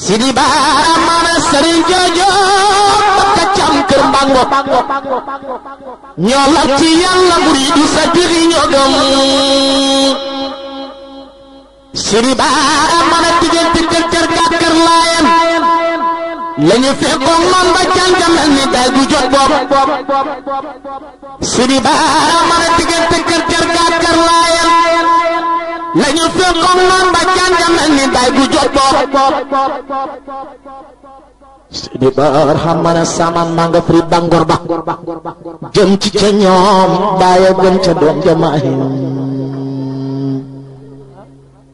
Sidi Baara Maana Sëriñ Jojo Bakka Cam kër mbango ñoo la ci lañu fekkoon moom ba canta mel ni day gu jot bopp sëriñ Baara mara diggante kër kër gaar kër laayam lañu fekkoon moom ba canta mel ni day gu jot bopp sidi baar xam ma ne saman maa nga firi bangor ba jëm ci ca ñoom bàyyi gëm ca doom jamaahin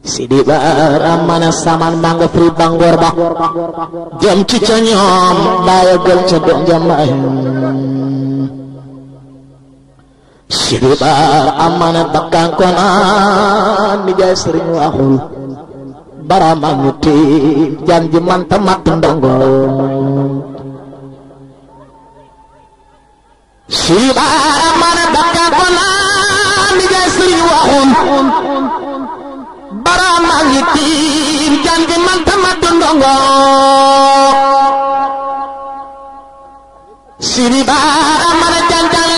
Sidi mana saman mangga pri banggor jam cicanyom bayo gel cedok jam ayam Sidi mana bakang konan nijay sering wahul baramanguti jam jeman temat tendanggol Sidi mana bakang konan nijay sering wahul baraam maa ngi tiim jàng man tama dondongo siri baraam man a jàngal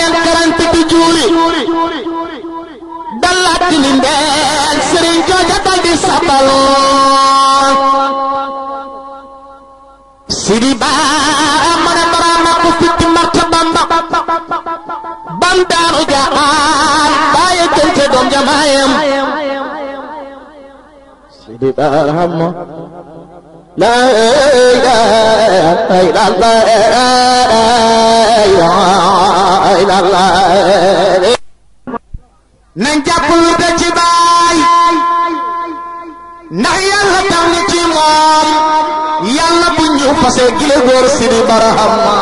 ndeen sëriñ jooja dal di siri baraam man a baraam fitti marta bamba bam daaru jaaxaan baaye jël ca jamaayam ارحم لا اله الا الله لا اله الا الله nañ jàpp lu de ci baay ndax yàlla tam ni ci moom yàlla bu ñu fase gile góor si di barahama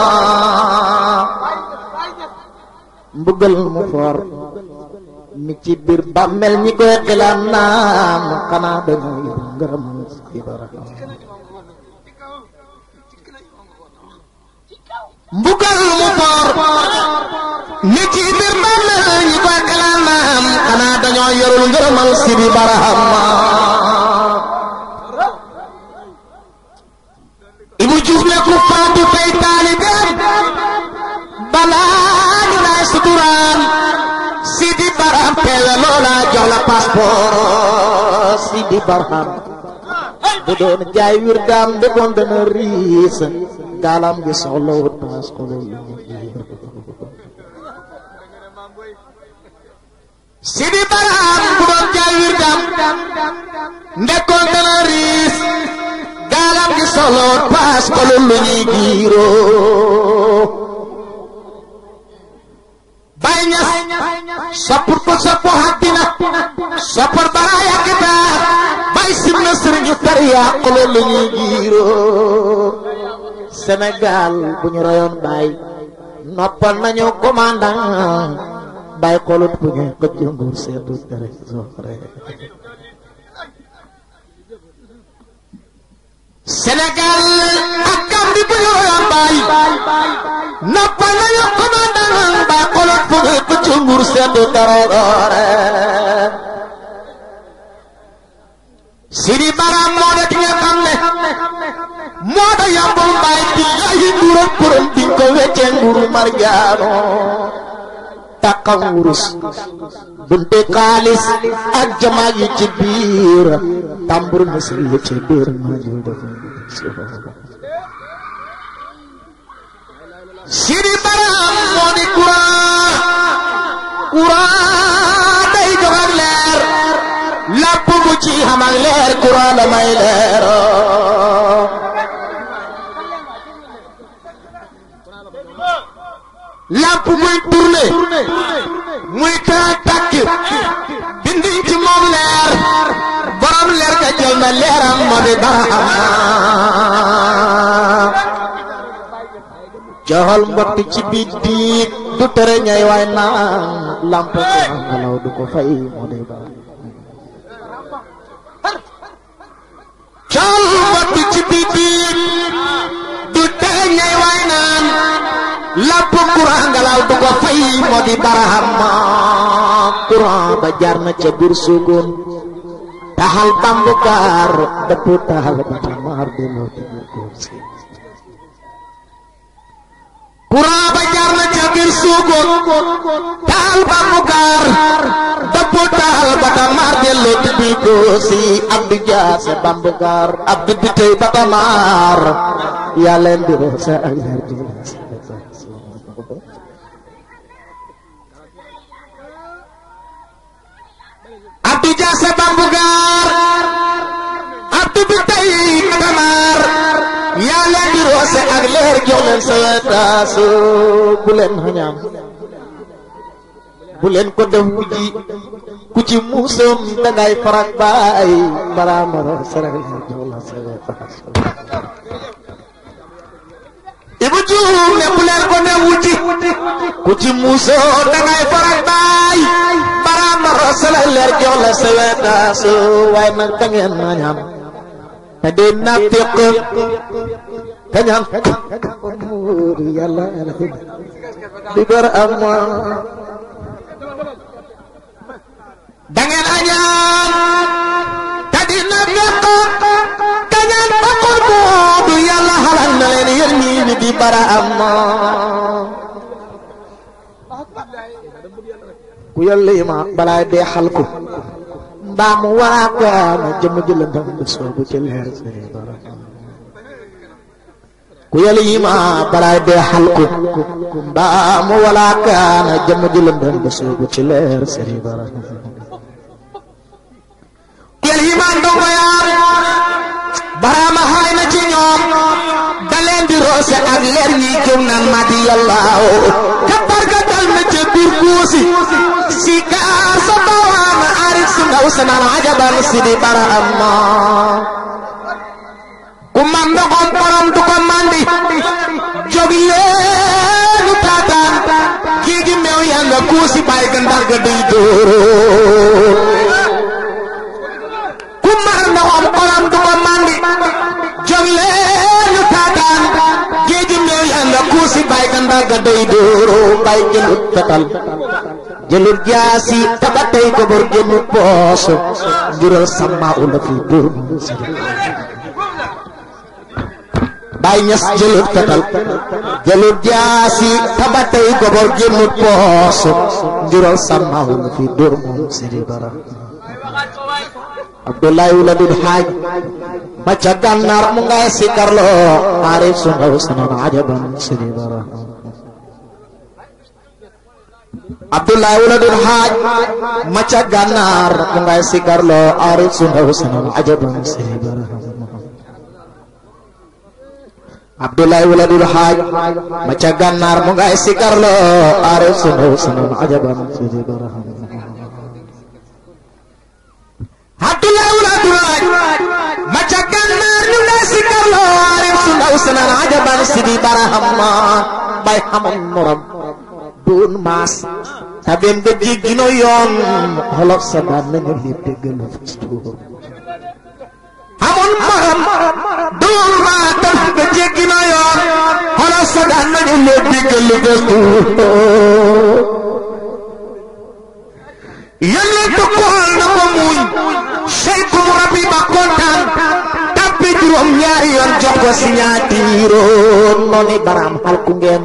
mbugal mu foor mi ci biir bàmmel ñi koy xilaan naam xanaa dañoo yor ngërëmal ibara mbugal mu toor mi ci biir bàmmel ñi koy xilaan naam xanaa dañoo yorul ngërëmal sibi barahama ibu balaa yàlla loola jox la passeport si di barham bu doon jaay wir daam de bon dana riis gaalam gi soxlawut passeport si di barham bu doon jaay wir daam ndekkoon dana riis gaalam gi soxlawut passeport lu ñuy giiroo banyak sapu-sapu hadina sapar baraya kita baisim nasr nyutaria ya, kololungi giro Senegal punya rayon baik nopal nañu komandan bay kolut punya kejungur setu dari sore Senegal akan di bëyoon baay noppal ba xolot fu ngay pëcc nguur seddu siri baraam moo da ki nga xam ne moo da yambul baay di laayi nguuram kuram di ko weccee nguuru marjaano taqam wurus bunte xaalis ak jamaa yi ci biir tambur misri yi ci biir sidi baraam moo di courant day jox leer lépp mu ci xam ak leer courant damay leer lépp muy tourné muy kaa tàkk bindi ci leer borom leer ka jël na leeram moo di baraam joxal mbott ci ci biit biit du tere ñay waay naan lamp courant ngelaw du ko fay moo di barahama courant ba jaar na ca biir suugoon taxal bambukaar dëpp taxal ba tamaar delloo ci courant ba jaar na ca biir suukoon taal ba mu gaar dëppoo taal ba tamaar delloo tibil ko si Abdou Diassé bambu gaar Abdou bi tey ba tamaar yaa leen di ak leer bu leen xañaam bu leen ko def mu ji ku ci muusam dangay leer jox la sa wetaasu ibu juum ko def wuti ku ci muusoo dangay farak baay baraamaro sarax leer jox la sa waaye nag da ngeen ma ñaan Kenyang kenyang kenyang yàlla kau, hin di bar amma da ngeen añaan te dina fekk kañaan ba kon halal na leen di bara amma ku yàlla yi ma kau dee xal ko mbaa mu ma jëm jëlandam soobu ci leer ku yàlla yi ma balaay dee xalku mbaa mu walaakaana jëmm ji lëndëm ba soobu ci leer sëriñ bara ku yàlla yi ma ndongo yaar baraama xaay na ci ñoom da leen di roose ak leer yi jëm naan ma di yàllaaw kabar ga dal na ca biir kuusi si kaa sa bawaana arit su ndaw sa naan ajaban si di bara amma Kumanda komparam tu komandi jogile nutata kigi meu yanga kusi pai kandar gede itu Kumanda komparam tu komandi jogile nutata kigi meu yanga kusi pai kandar gede itu pai nutatan jalur jasi tabatai kubur jalur bos jural sama ulaf ibu Baay Ñas jëlut katal jëlut jaasi tabatay gobor génnut poosu njural sàmmahum fi mu ngay sikarloo Abdoulaye waladul xaaj ma ca gànnaar mu ngay sikarloo aare sunu sunu ajaban sunu baraham Abdoulaye waladul xaaj ma ca bay xamam morom doon maas tabem ga jiggi no yoon xolof sa daan nañu lépp déggal maram dul ma na ko xool na ko ba kontaan tàppe juróom ñaari yoon jox ko noonu baraam xalku ngeen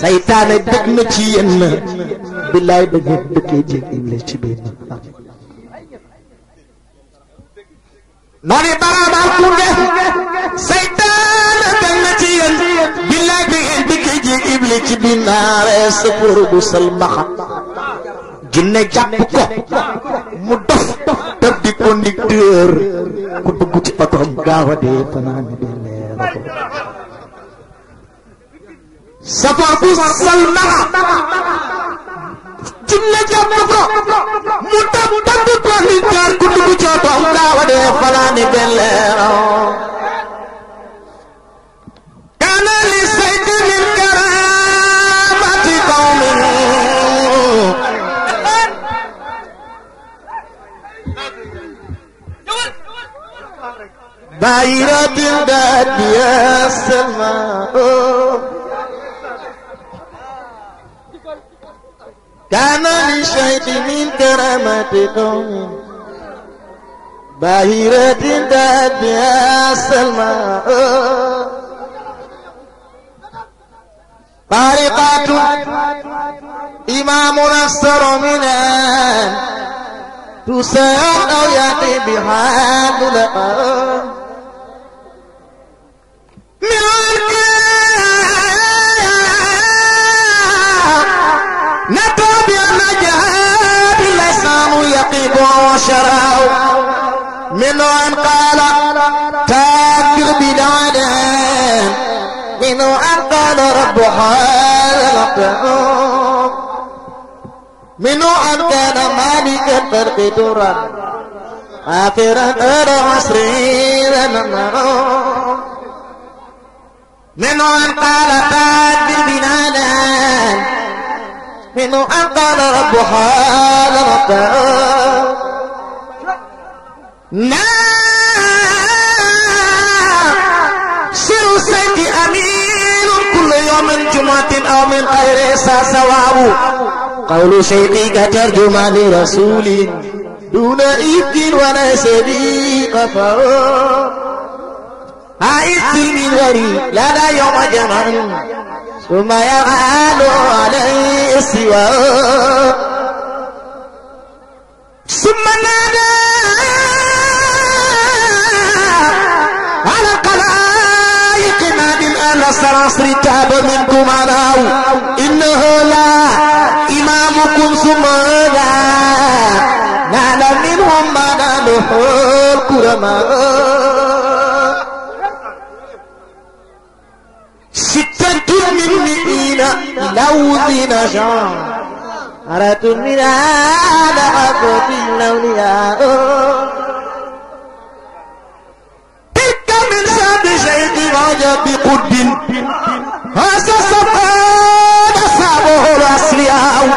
saytaane dëgg na ci yéen billaay ba ngeen dëkkee jéeg iblis ci biir noo ne baraabal kunde seytaane dal na ci yéen billaay bi ngeen dikkee ji ibli ci binaare sëpër bu salmaxa ginne jàpp ko mu dof tëb di conducteur ku dugg ci otoom gaaw a dee fanaane dee leera bu salmaxa ginne jàpp ko ni gën leen raw kana li sayd min karamati qawmin bayratin باهيرة داد يا سلمى طريقة إمامنا السرمنا تسار أو يأتي بها دلقا من بحال منو أن عبدنا مالك فرق دورا آخرا أرى عصريا منو أن قال فات بنانا منو أن قال رب حال ربنا سر سيدي أمين من جمعة أو من غير سواء قول شيخي كترجمة لرسول دون إبد ولا سبيق فهو عائد من غري لا لا يوم جمع ثم يغال عليه سواه العصر تاب منكم أناو إنه لا إمامكم ثم لا نال منهم ما ناله الكرماء ستة من مئين لو ذي نشار أردت من هذا أقوى الأولياء العجب قد أسس قاد أصحابه الأصلياء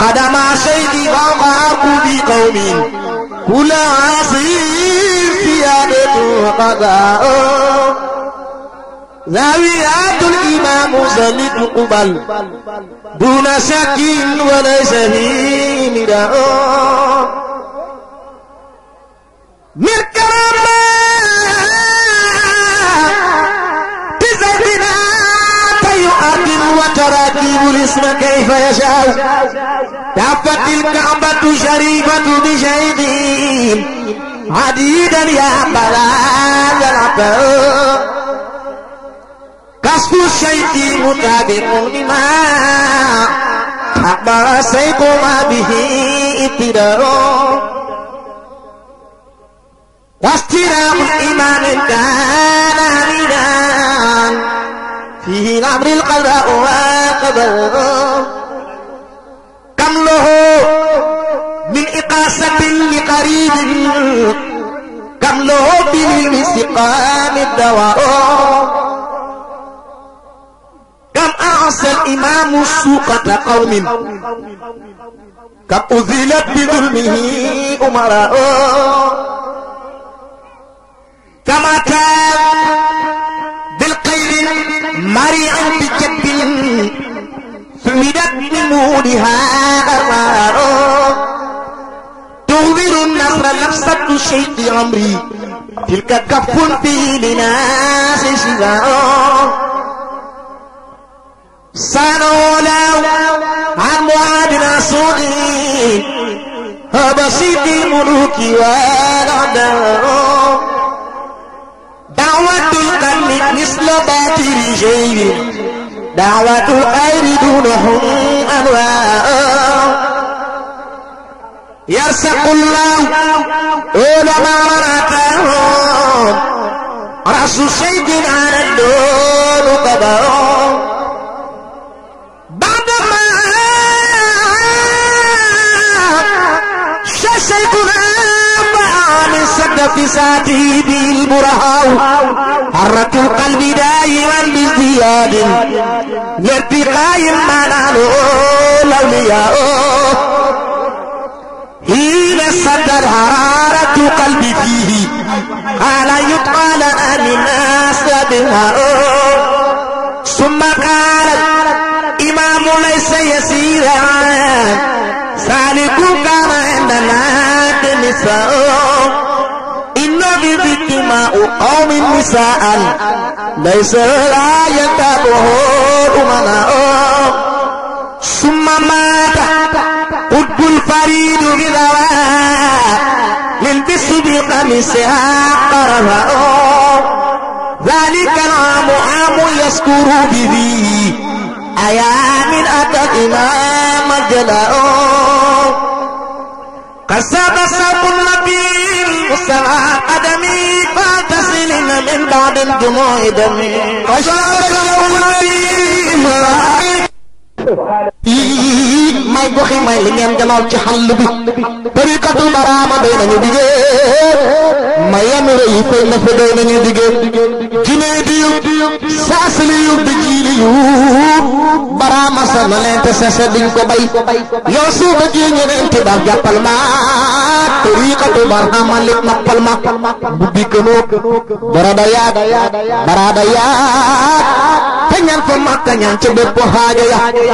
قدم شيخ وقعق بقوم كل عصير ثيابته قضاء زاويات الإمام زلد قبل دون شك وليس فيه نداء من كرامات وتراكيب الاسم كيف يشاء دفت الكعبة شريفة بشيخهم عديدا يا بلاد العطاء قصد الشيخ متابق لما أخبر الشيخ ما به ابتداء واستلام الإمام كان أمينا فيه الأمر القضاء وقدر كم له من إقاسة لقريب كم له من سقام الدواء كم أعصى الإمام السوقة قوم كم أذلت بظلمه أمراء كما كان سارعا بجد فمدت نمولها أرار تغبر النصر نفسة شيء عمري تلك كف في لناس سواه سانو لو عن معادنا صعيد وبسيط الملوك والعداء دعوة القلب مثل باطل شيء دعوة الخير دونهم أنواع يرسق الله طول ما رأتهم رأس سيد على الدول قبر بساته به البرهاء حرك القلب دائما بازدياد لارتقاء ما نعلم الاولياء حين صدر حرارة قلبي فيه قال يطقى لنا من أسبابها ثم قال إمام ليس يسيرا سالك كان عندنا النساء نساء ليس لا ينتبه أمناهم ثم مات قد الفريد بذواء للبس بقميصها قرفاهم ذلك العام عام يذكر به أيام أتى الإمام جلاؤه قد سبس النبي المصطفى قدمي فات तमाम yii may goxi may li ngeen janoon ci xàll bi tarikatu baraama doy nañu digee mayam rëy fay na fa doy nañu digee jinee diyu saasliyu bi jiiliyu baraama sa na leen te ko bay yow suuba jii ñeneen ti jàppal ma tariqatu barhama lit nappal ma bu bikkanoo barada yaat te ñaan fa ma te ñaan ca bépp xaajo ya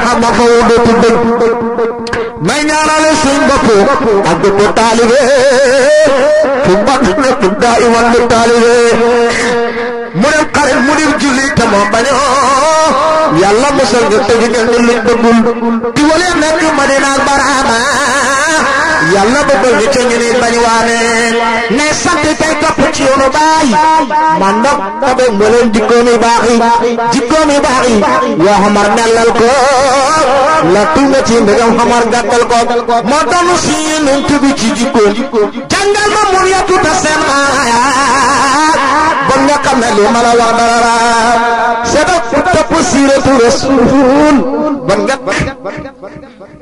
ma xam a faw dootul dëñ may ñaanale suñ a ak dëpp taalibe fu mbat nekk daa iman lu taalibe mu dem xarit mu dem julli te moom bañoo yàlla mosal ñu tëj ngeen ñu lu dëggul di wale nekk Madina Barama yàlla bëggal ñu ca ñu ni bañ waane ne sant tey topp ci yoonu baay man nag tabe mbooleem jikkoom yu baax yi jikkoom yu baax yi yoo xamar nellal ko la tuuma ci ndegam xamar gàttal ko moo doon si nun ci jikkoom jàngal ma mun ta seen aayaat ba nga xam ne li ma la wax topp siiratu rasul ba